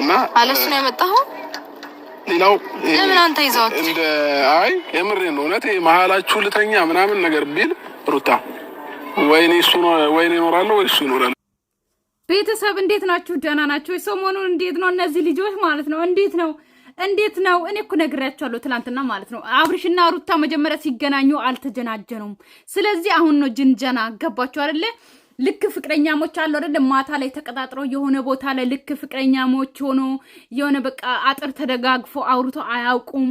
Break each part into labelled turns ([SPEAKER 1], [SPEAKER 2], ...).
[SPEAKER 1] እና አለሱ ነው ያመጣኸው። ሌላው ለምን አንተ ይዘዋት
[SPEAKER 2] እንደ አይ የምሬን ነው እውነት መሀላችሁ ልተኛ ምናምን ነገር ቢል ሩታ ወይኔ እሱ ወይኔ ይኖራል ወይ እሱ ይኖራል።
[SPEAKER 3] ቤተሰብ እንዴት ናችሁ? ደህና ናቸው ሰሞኑን እንዴት ነው እነዚህ ልጆች ማለት ነው እንዴት ነው እንዴት ነው? እኔ እኮ ነግሬያቸዋለሁ ትናንትና ማለት ነው። አብርሽና ሩታ መጀመሪያ ሲገናኙ አልተጀናጀኑም። ስለዚህ አሁን ነው ጅንጀና ገባችሁ አይደለ? ልክ ፍቅረኛሞች አለ አይደል? ማታ ላይ ተቀጣጥሮ የሆነ ቦታ ላይ ልክ ፍቅረኛሞች ሆኖ የሆነ በቃ አጥር ተደጋግፎ አውርቶ አያውቁም።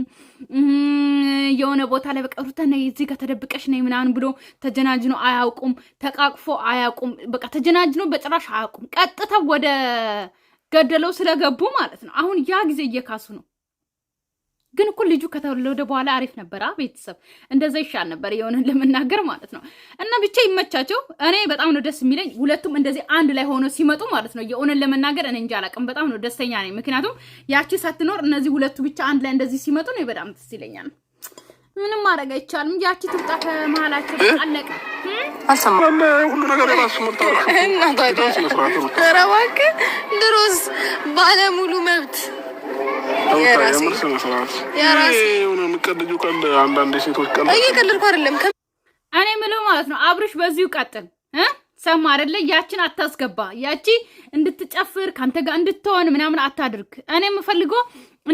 [SPEAKER 3] የሆነ ቦታ ላይ በቃ ሩተ ነይ እዚህ ጋር ተደብቀሽ ነይ ምናምን ብሎ ተጀናጅኖ አያውቁም። ተቃቅፎ አያውቁም። በቃ ተጀናጅኖ በጭራሽ አያውቁም። ቀጥተው ወደ ገደለው ስለገቡ ማለት ነው። አሁን ያ ጊዜ እየካሱ ነው። ግን እኮ ልጁ ከተወለደ በኋላ አሪፍ ነበር። ቤተሰብ እንደዛ ይሻል ነበር፣ የሆነን ለመናገር ማለት ነው። እና ብቻ ይመቻቸው። እኔ በጣም ነው ደስ የሚለኝ ሁለቱም እንደዚህ አንድ ላይ ሆኖ ሲመጡ ማለት ነው። የሆነን ለመናገር እኔ እንጃ አላውቅም፣ በጣም ነው ደስተኛ ነኝ። ምክንያቱም ያቺ ሳትኖር እነዚህ ሁለቱ ብቻ አንድ ላይ እንደዚህ ሲመጡ ነው በጣም ደስ ይለኛል። ምንም ማድረግ አይቻልም። ያቺ ትምጣ ከመሀላቸው
[SPEAKER 1] አለቀ። ሁሉ ነገር ድሮስ ባለሙሉ መብት
[SPEAKER 3] እኔ የምለው ማለት ነው አብርሽ በዚሁ ቀጥል። ሰማ አይደለ? ያቺን አታስገባ። ያቺ እንድትጨፍር ከአንተ ጋር እንድትሆን ምናምን አታድርግ። እኔ የምፈልገው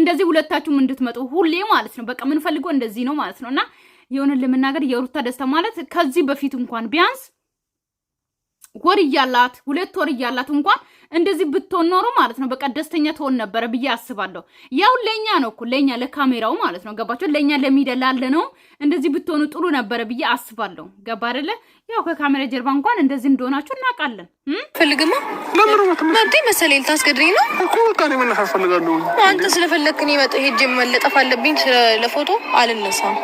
[SPEAKER 3] እንደዚህ ሁለታችሁም እንድትመጡ ሁሌ ማለት ነው። በቃ የምንፈልገው እንደዚህ ነው ማለት ነው። እና የሆነን ለመናገር የሩታ ደስታ ማለት ከዚህ በፊት እንኳን ቢያንስ ወር እያላት ሁለት ወር እያላት እንኳን እንደዚህ ብትሆን ኖሮ ማለት ነው በቃ ደስተኛ ትሆን ነበረ ብዬ አስባለሁ። ያው ለእኛ ነው እኮ ለእኛ ለካሜራው ማለት ነው ገባቸው። ለእኛ ለሚደላለ ነው እንደዚህ ብትሆኑ ጥሩ ነበረ ብዬ አስባለሁ። ገባ አደለ? ያው ከካሜራ ጀርባ እንኳን እንደዚህ እንደሆናችሁ እናውቃለን።
[SPEAKER 1] ፈልግማ መብቴ መሰለኝ ልታስገድኝ ነው
[SPEAKER 2] እኮ በቃ እኔ መነሳ እፈልጋለሁ።
[SPEAKER 1] አንተ ስለፈለግክን መጠ ሄጅ መለጠፍ አለብኝ ለፎቶ አልነሳም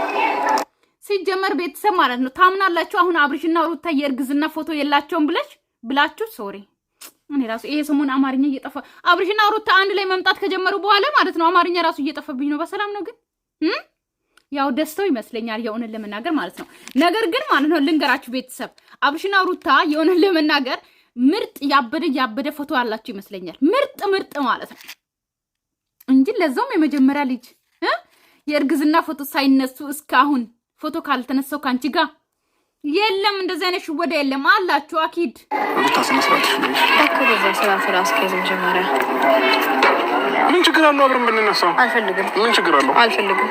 [SPEAKER 3] ሲጀመር ቤተሰብ ማለት ነው። ታምናላችሁ? አሁን አብርሽና ሩታ የእርግዝና ፎቶ የላቸውም ብለሽ ብላችሁ ሶሪ እኔ ራሱ ይሄ ሰሞን አማርኛ እየጠፋ አብርሽና ሩታ አንድ ላይ መምጣት ከጀመሩ በኋላ ማለት ነው አማርኛ ራሱ እየጠፋብኝ ነው። በሰላም ነው ግን ያው ደስተው ይመስለኛል የእውነት ለመናገር ማለት ነው። ነገር ግን ማለት ነው ልንገራችሁ ቤተሰብ አብርሽና ሩታ የእውነት ለመናገር ምርጥ ያበደ ያበደ ፎቶ ያላችሁ ይመስለኛል። ምርጥ ምርጥ ማለት ነው እንጂ ለዛውም የመጀመሪያ ልጅ የእርግዝና ፎቶ ሳይነሱ እስካሁን ፎቶ ካልተነሳው ከአንቺ ጋር የለም። እንደዚህ አይነት ሽወዳ የለም አላችሁ። አኪድ
[SPEAKER 2] ምን ችግር አለው? አብረን ብንነሳው። አልፈልግም። ምን ችግር አለው? አልፈልግም።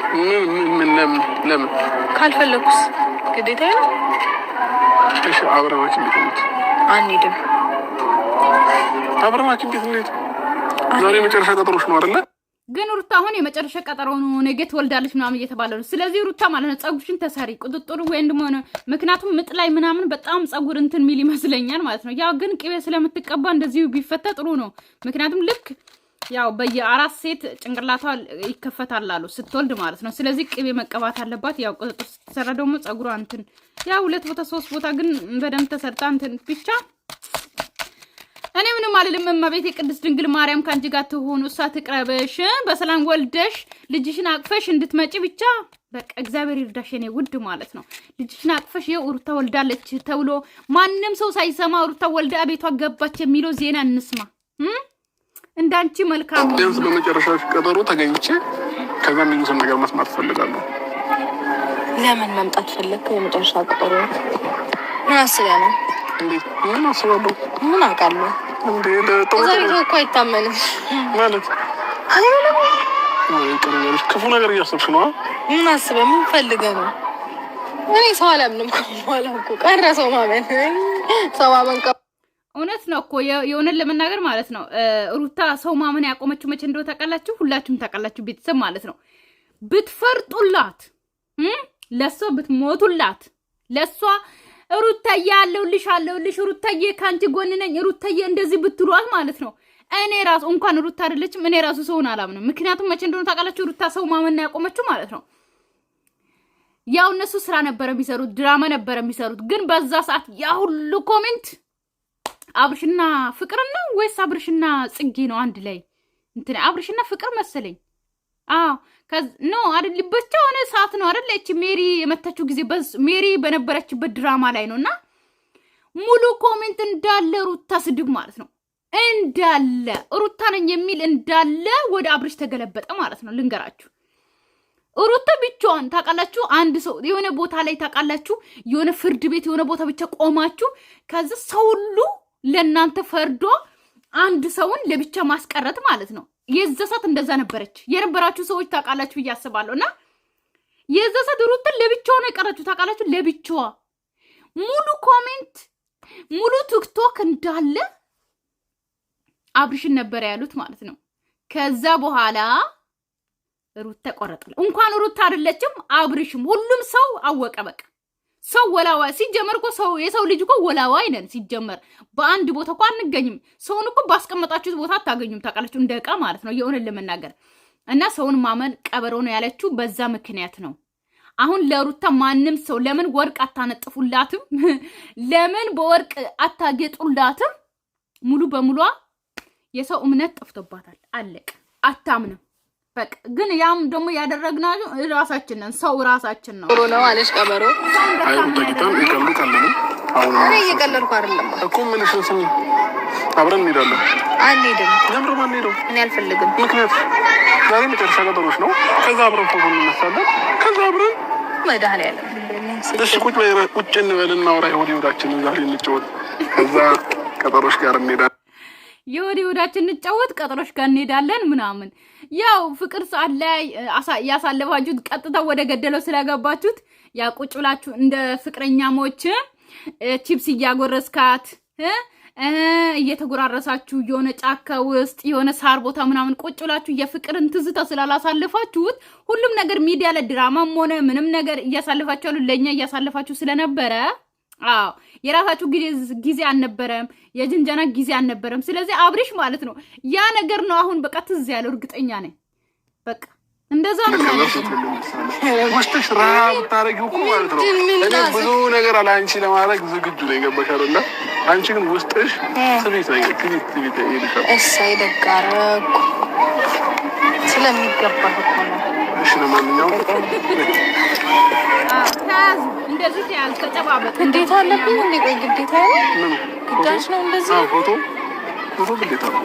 [SPEAKER 2] ለምን ለምን
[SPEAKER 1] ካልፈለግኩስ ግዴታ ነው።
[SPEAKER 2] እሺ አብረን ሐኪም ቤት እንሂድ። አንሂድም። አብረን ሐኪም ቤት እንሂድ። ዛሬ መጨረሻ ቀጠሮሽ ነው አይደለ?
[SPEAKER 3] ግን ሩታ አሁን የመጨረሻ ቀጠሮ ነገ ትወልዳለች ምናምን እየተባለ ነው። ስለዚህ ሩታ ማለት ነው ጸጉርሽን ተሰሪ ቁጥጥሩ ወይም ደሞ ምክንያቱም ምጥ ላይ ምናምን በጣም ጸጉር እንትን ሚል ይመስለኛል ማለት ነው። ያው ግን ቅቤ ስለምትቀባ እንደዚሁ ቢፈታ ጥሩ ነው። ምክንያቱም ልክ ያው በየአራት ሴት ጭንቅላቷ ይከፈታል አሉ ስትወልድ ማለት ነው። ስለዚህ ቅቤ መቀባት አለባት። ያው ቁጥጥር ስትሰራ ደግሞ ጸጉሯ እንትን ያው ሁለት ቦታ ሶስት ቦታ ግን በደንብ ተሰርታ እንትን ብቻ እኔ ምንም አልልም። እመቤቴ ቅድስት ድንግል ማርያም ከአንቺ ጋር ትሆኑ፣ እሷ ትቅረበሽ፣ በሰላም ወልደሽ ልጅሽን አቅፈሽ እንድትመጪ ብቻ በቃ እግዚአብሔር ይርዳሽ የኔ ውድ ማለት ነው። ልጅሽን አቅፈሽ ይኸው ሩታ ወልዳለች ተብሎ ማንም ሰው ሳይሰማ ሩታ ወልዳ ቤቷ ገባች የሚለው ዜና እንስማ። እንዳንቺ መልካም
[SPEAKER 2] ቢያንስ በመጨረሻ ቀጠሮ ተገኝቼ ከዛ የሚሉትን ነገር መስማት ፈልጋለሁ።
[SPEAKER 1] ለምን መምጣት ፈለግ? የመጨረሻ ቀጠሮ ምን አስበህ ነው? ምን አስባለሁ? ምን አውቃለሁ አይታመንም
[SPEAKER 2] ማለት ክፉ ነገር እያሰብሽ ነው።
[SPEAKER 1] ምን ነው? እኔ ሰው አላምንም። ቀረ ሰው ማመን ሰው ማመን
[SPEAKER 3] እውነት ነው እኮ ለመናገር ማለት ነው። ሩታ ሰው ማመን ያቆመችው መቼ እንደው ታውቃላችሁ፣ ሁላችሁም ታውቃላችሁ፣ ቤተሰብ ማለት ነው። ብትፈርጡላት፣ ለእሷ ብትሞቱላት፣ ለእሷ ሩታዬ አለሁልሽ አለሁልሽ ሩታዬ ከአንቺ ጎን ነኝ ሩታዬ እንደዚህ ብትሏል ማለት ነው። እኔ ራሱ እንኳን ሩታ አይደለችም እኔ ራሱ ሰውን አላምንም። ምክንያቱም መቼ እንደሆነ ታውቃላችሁ ሩታ ሰው ማመን ያቆመችው ማለት ነው። ያው እነሱ ስራ ነበር የሚሰሩት ድራማ ነበር የሚሰሩት። ግን በዛ ሰዓት ያ ሁሉ ኮሜንት አብርሽና ፍቅር ነው ወይስ አብርሽና ጽጌ ነው? አንድ ላይ እንትን አብርሽና ፍቅር መሰለኝ። አዎ ኖ አይደል ብቻውን ሰዓት ነው አይደል? እቺ ሜሪ የመታችው ጊዜ ሜሪ በነበረችበት ድራማ ላይ ነው። እና ሙሉ ኮሜንት እንዳለ ሩታ ስድብ ማለት ነው እንዳለ ሩታ ነኝ የሚል እንዳለ ወደ አብርሽ ተገለበጠ ማለት ነው። ልንገራችሁ ሩታ ብቻዋን ታውቃላችሁ። አንድ ሰው የሆነ ቦታ ላይ ታውቃላችሁ፣ የሆነ ፍርድ ቤት የሆነ ቦታ ብቻ ቆማችሁ፣ ከዚ ሰው ሁሉ ለእናንተ ፈርዶ አንድ ሰውን ለብቻ ማስቀረት ማለት ነው። የዘሳት እንደዛ ነበረች የነበራችሁ ሰዎች ታውቃላችሁ ብዬ አስባለሁ። እና የዘሳት ሩትን ለብቻዋ ነው የቀረችሁ ታውቃላችሁ። ለብቻዋ ሙሉ ኮሜንት፣ ሙሉ ቲክቶክ እንዳለ አብርሽን ነበረ ያሉት ማለት ነው። ከዛ በኋላ ሩት ተቆረጠለ። እንኳን ሩት አይደለችም አብርሽም፣ ሁሉም ሰው አወቀ በቃ። ሰው ወላዋይ ሲጀመር እኮ ሰው የሰው ልጅ እኮ ወላዋ ነን። ሲጀመር በአንድ ቦታ እኮ አንገኝም። ሰውን እኮ ባስቀመጣችሁት ቦታ አታገኙም። ታውቃላችሁ፣ እንደ ማለት ነው። የእውነት ለመናገር እና ሰውን ማመን ቀበሮ ነው ያለችው በዛ ምክንያት ነው። አሁን ለሩታ ማንም ሰው ለምን ወርቅ አታነጥፉላትም? ለምን በወርቅ አታጌጡላትም? ሙሉ በሙሏ የሰው እምነት ጠፍቶባታል። አለቅ አታምንም። በቃ ግን ያም ደግሞ ያደረግና ራሳችን ነን። ሰው ራሳችን ነው።
[SPEAKER 1] ነው አለሽ ቀበሮ። እኔ እየቀለድኩ አይደለም
[SPEAKER 2] እኮ ስሚ፣ አብረን እንሄዳለን። አንሄድም። ለምሮ
[SPEAKER 1] እኔ አልፈልግም።
[SPEAKER 2] ዛሬ መጨረሻ ቀጠሮች ነው። ከዛ አብረን ፎቶ እንነሳለን። ከዛ አብረን መድኃኒዓለም እሺ፣ ቁጭ ቁጭ እንበል፣ እናውራ። የሆድ የሆዳችንን ዛሬ እንጫወት። ከዛ ቀጠሮች ጋር እንሄዳለን።
[SPEAKER 3] የወደ ወዳችን እንጫወት ቀጠሮች ጋር እንሄዳለን ምናምን ያው ፍቅር ሰዓት ላይ እያሳለፋችሁት ቀጥታ ወደ ገደለው ስለገባችሁት ያ ቁጭ ብላችሁ እንደ ፍቅረኛሞች ቺፕስ እያጎረስካት እየተጎራረሳችሁ የሆነ ጫካ ውስጥ የሆነ ሳር ቦታ ምናምን ቁጭ ብላችሁ የፍቅርን ትዝታ ስላላሳለፋችሁት ሁሉም ነገር ሚዲያ ለድራማም ሆነ ምንም ነገር እያሳለፋችሁ ለእኛ እያሳለፋችሁ ስለነበረ አዎ የራሳችሁ ጊዜ አልነበረም፣ የጅንጀና ጊዜ አልነበረም። ስለዚህ አብሪሽ ማለት ነው ያ ነገር ነው። አሁን በቃ ትዝ ያለው እርግጠኛ ነኝ። በቃ እንደዛ
[SPEAKER 2] ነው ውስጥሽ ራ ብታረጊው እኮ ማለት ነው። እኔ ብዙ ነገር አለአንቺ ለማድረግ ዝግጁ ነው። የገባሽ አንቺ ግን ውስጥሽ ትቤት ነገር
[SPEAKER 1] ስለሚገባ ነው።
[SPEAKER 2] እሺ ለማንኛውም
[SPEAKER 3] ግዴታ
[SPEAKER 1] አለብኝ እንዴ? ቆይ ግዴታ ግዳጅ ነው
[SPEAKER 2] እንደዚህ ፎቶ ፎቶ ግዴታ ነው።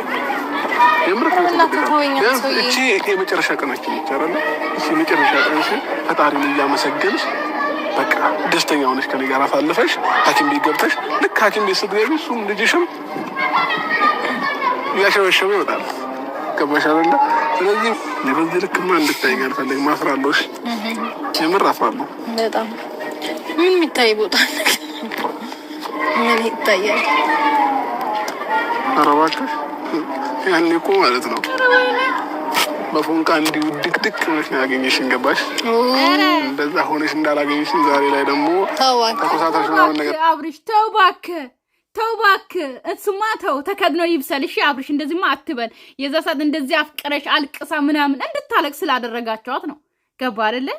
[SPEAKER 2] እቺ የመጨረሻ ቀናችን ይቻላል። እቺ የመጨረሻ ቀንሽ ፈጣሪን እያመሰገንሽ በቃ ደስተኛ ሆነሽ ከኔ ጋር አሳልፈሽ ሐኪም ቤት ገብተሽ ልክ ሐኪም ቤት ስትገቢ እሱም ልጅሽም እያሸበሸበ ይወጣል። ገባሽ አይደለ? ስለዚህ በዚህ ልክማ እንድታይኝ አልፈለግም። አፍራለሽ፣ የምር አፍራለሁ
[SPEAKER 1] በጣም ምን የሚታይ ቦታ ምን ይታያል?
[SPEAKER 2] አረባክሽ ያኔ እኮ ማለት ነው በፎንቃ እንዲሁ ድቅድቅ ሆነሽ ነው ያገኘሽን። ገባሽ? እንደዛ ሆነሽ እንዳላገኘሽን ዛሬ ላይ ደግሞ
[SPEAKER 1] ተኮሳታሽ
[SPEAKER 2] ምናምን
[SPEAKER 3] ነገር። አብርሽ ተው እባክህ ተው እባክህ፣ እሱማ ተው ተከድኖ ይብሰል። እሺ አብርሽ እንደዚህማ አትበል። የዛ ሰዓት እንደዚህ አፍቅረሽ አልቅሳ ምናምን እንድታለቅ ስላደረጋቸዋት ነው። ገባ አይደለ?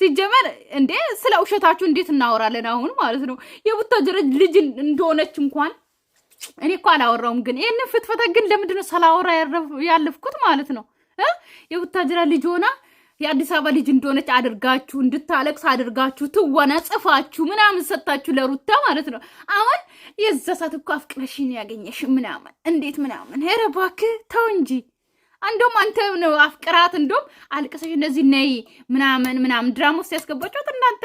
[SPEAKER 3] ሲጀመር እንዴ ስለ ውሸታችሁ እንዴት እናወራለን? አሁን ማለት ነው የቡታጀረ ልጅ እንደሆነች እንኳን እኔ እኮ አላወራውም፣ ግን ይህን ፍትፈተ ግን ለምንድነው ሳላወራ ያለፍኩት ማለት ነው። የቡታጀራ ልጅ ሆና የአዲስ አበባ ልጅ እንደሆነች አድርጋችሁ እንድታለቅስ አድርጋችሁ ትወና ጽፋችሁ ምናምን ሰጥታችሁ ለሩታ ማለት ነው። አሁን የዛ ሰዓት እኮ አፍቅረሽን ያገኘሽ ምናምን እንዴት ምናምን ኧረ እባክህ ተው እንጂ እንደውም አንተ ነው አፍቅራት፣ እንደውም አልቅሰሽ እነዚህ ነይ ምናምን ምናምን ድራማ ውስጥ ያስገባችኋት እናንተ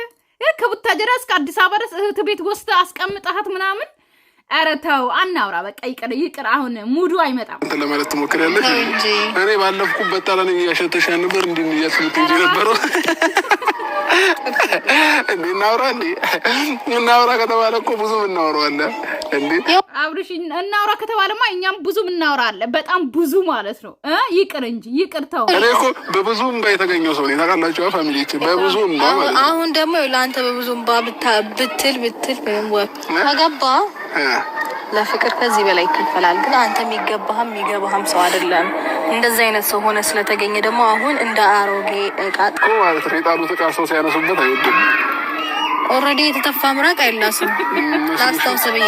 [SPEAKER 3] ከቡታጀራ እስከ አዲስ አበባ ድረስ እህት ቤት ውስጥ አስቀምጣሃት ምናምን። ኧረ ተው አናውራ፣ በቃ ይቅር ይቅር። አሁን ሙዱ አይመጣም
[SPEAKER 2] ለማለት ትሞክሪያለሽ። እኔ ባለፍኩበት ጣላ እያሸተሻ ነበር እንዲ እያስሉት እንጂ ነበረው እንዲ እናውራ እንዲ እናውራ ከተባለ እኮ ብዙ እናውረዋለን
[SPEAKER 3] አብርሽ እናውራ ከተባለማ እኛም ብዙም እናውራ በጣም ብዙ ማለት ነው። ይቅር እንጂ ይቅር ተው።
[SPEAKER 2] እኔ እኮ በብዙ እምባ የተገኘው ሰው ታውቃላችሁ። ፋሚሊ በብዙ እምባ
[SPEAKER 1] ማለት ነው። አሁን ደግሞ ለአንተ በብዙ እምባ ብትል ብትል ከገባ ለፍቅር ከዚህ በላይ ይከፈላል። ግን አንተ የሚገባህም የሚገባህም ሰው አይደለም። እንደዚህ አይነት ሰው ሆነ ስለተገኘ ደግሞ አሁን እንደ አሮጌ
[SPEAKER 2] እቃ ማለት ነው የጣሉት እቃ ሰው ሲያነሱበት አይወድም።
[SPEAKER 1] ኦልሬዲ የተተፋ ምራቅ አይላስም። ላስታውስ ብዬ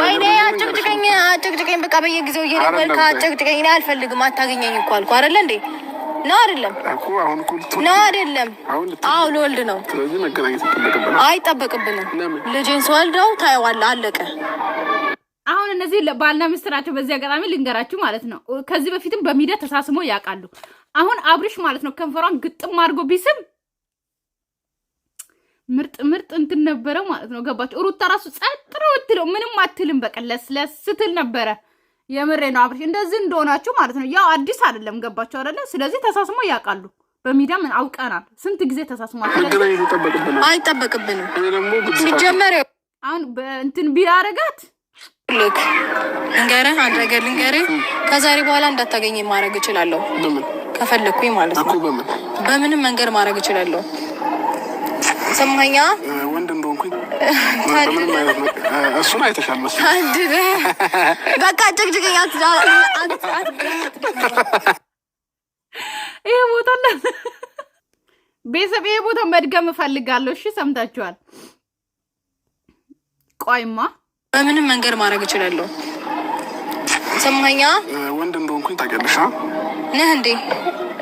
[SPEAKER 1] ወይኔ አጭቅጭቀኝ አጭቅጭቀኝ በቃ በየጊዜው እየደወልክ አጭቅጭቀኝ። እኔ አልፈልግም አታገኘኝ እኮ አልኩ አይደለ እንዴ? ነው አይደለም? ነው አይደለም? አዎ ልወልድ ነው። አይጠበቅብንም። ልጄን ስወልደው ታየዋለህ። አለቀ።
[SPEAKER 3] አሁን እነዚህ ባልና ሚስት ናቸው። በዚህ አጋጣሚ ልንገራችሁ ማለት ነው። ከዚህ በፊትም በሚዲያ ተሳስሞ ያውቃሉ። አሁን አብርሽ ማለት ነው ከንፈሯን ግጥም አድርጎ ቢስም ምርጥ ምርጥ እንትን ነበረ ማለት ነው። ገባቸው ሩታ ራሱ ጸጥ ነው ምንም አትልም። በቀለስ ለስትል ነበረ። የምሬ ነው አብሬሽ እንደዚህ እንደሆናችሁ ማለት ነው። ያው አዲስ አይደለም ገባቸው አይደለ? ስለዚህ ተሳስሞ ያውቃሉ። በሚዲያ ምን አውቀናል። ስንት ጊዜ ተሳስሟል።
[SPEAKER 1] አይጠበቅብንም ሲጀመር
[SPEAKER 3] አሁን እንትን ቢያረጋት
[SPEAKER 1] ልንገርህ አንድ ልንገርህ፣ ከዛሬ በኋላ እንዳታገኘ ማድረግ እችላለሁ ከፈለግኩኝ ማለት ነው። በምንም መንገድ ማድረግ እችላለሁ። ሰማኛ
[SPEAKER 2] ወንድ እንደሆንኩኝ እሱን አይተሻል መሰለኝ።
[SPEAKER 1] በቃ ጭቅጭቅኝ
[SPEAKER 3] ይሄ ቦታ ቤተሰብ ይሄ ቦታ መድገም እፈልጋለሁ። እሺ ሰምታችኋል። ቆይማ
[SPEAKER 1] በምንም መንገድ ማድረግ እችላለሁ። ሰማኛ
[SPEAKER 2] ወንድ እንደሆንኩኝ ታውቂያለሽ
[SPEAKER 1] ነህ እንዴ?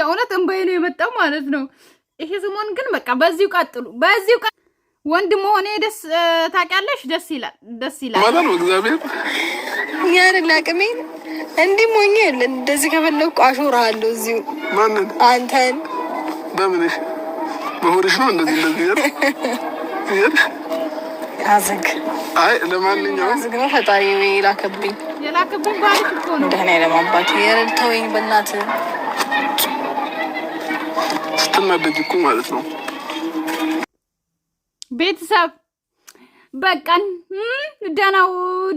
[SPEAKER 3] የእውነት እንባዬ ነው የመጣው ማለት ነው። ይሄ ሰሞን ግን በቃ በዚሁ ቀጥሉ፣ በዚሁ ቀጥሉ። ወንድ መሆኔ ደስ ታውቂያለሽ፣ ደስ ይላል፣
[SPEAKER 2] ደስ ይላል ማለት ነው። እግዚአብሔር
[SPEAKER 1] ያንን አቅሜን እንዲህ ሞኝ እንደዚህ ከፈለኩ አለው እዚሁ። ማንን? አንተን።
[SPEAKER 2] በምንሽ? በሆድሽ ነው እንደዚህ እንደዚህ ይል አዝግ። አይ ለማንኛውም
[SPEAKER 1] አዝግ ነው ፈጣሪ የላከብኝ
[SPEAKER 3] የላከብኝ ባሪክ
[SPEAKER 1] ነው ደህና ለማባት የረድተውኝ በእናትህ
[SPEAKER 2] አትናደጅ እኮ ማለት ነው።
[SPEAKER 3] ቤተሰብ በቀን ደናው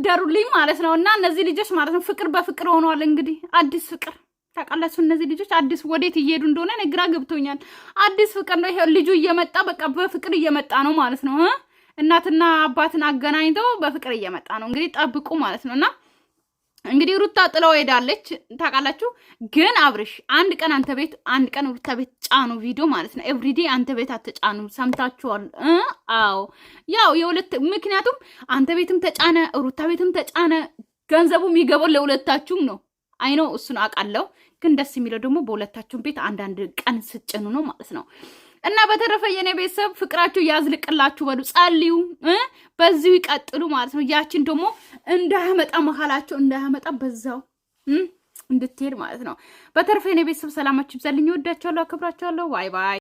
[SPEAKER 3] ደሩልኝ ማለት ነው። እና እነዚህ ልጆች ማለት ነው ፍቅር በፍቅር ሆኗል እንግዲህ አዲስ ፍቅር ታውቃላችሁ። እነዚህ ልጆች አዲስ ወዴት እየሄዱ እንደሆነ ግራ ገብቶኛል። አዲስ ፍቅር ነው። ይሄ ልጁ እየመጣ በቃ በፍቅር እየመጣ ነው ማለት ነው። እናትና አባትን አገናኝተው በፍቅር እየመጣ ነው። እንግዲህ ጠብቁ ማለት ነው እና እንግዲህ ሩታ ጥለው ሄዳለች ታውቃላችሁ። ግን አብርሽ አንድ ቀን አንተ ቤት አንድ ቀን ሩታ ቤት ጫኑ ቪዲዮ ማለት ነው። ኤቭሪዴ አንተ ቤት አትጫኑ። ሰምታችኋል? አዎ፣ ያው የሁለት ምክንያቱም አንተ ቤትም ተጫነ፣ ሩታ ቤትም ተጫነ። ገንዘቡም ይገባል ለሁለታችሁም ነው። አይ ነው እሱን አውቃለሁ። ግን ደስ የሚለው ደግሞ በሁለታችሁም ቤት አንዳንድ ቀን ስጭኑ ነው ማለት ነው። እና በተረፈ የኔ ቤተሰብ ፍቅራችሁ ያዝልቅላችሁ በሉ ጸልዩ፣ በዚሁ ይቀጥሉ ማለት ነው። ያችን ደግሞ እንዳያመጣ መሀላቸው እንዳያመጣ በዛው እንድትሄድ ማለት ነው። በተረፈ የኔ ቤተሰብ ሰላማችሁ ይብዛልኝ። እወዳችኋለሁ፣ አከብራችኋለሁ። ባይ ባይ።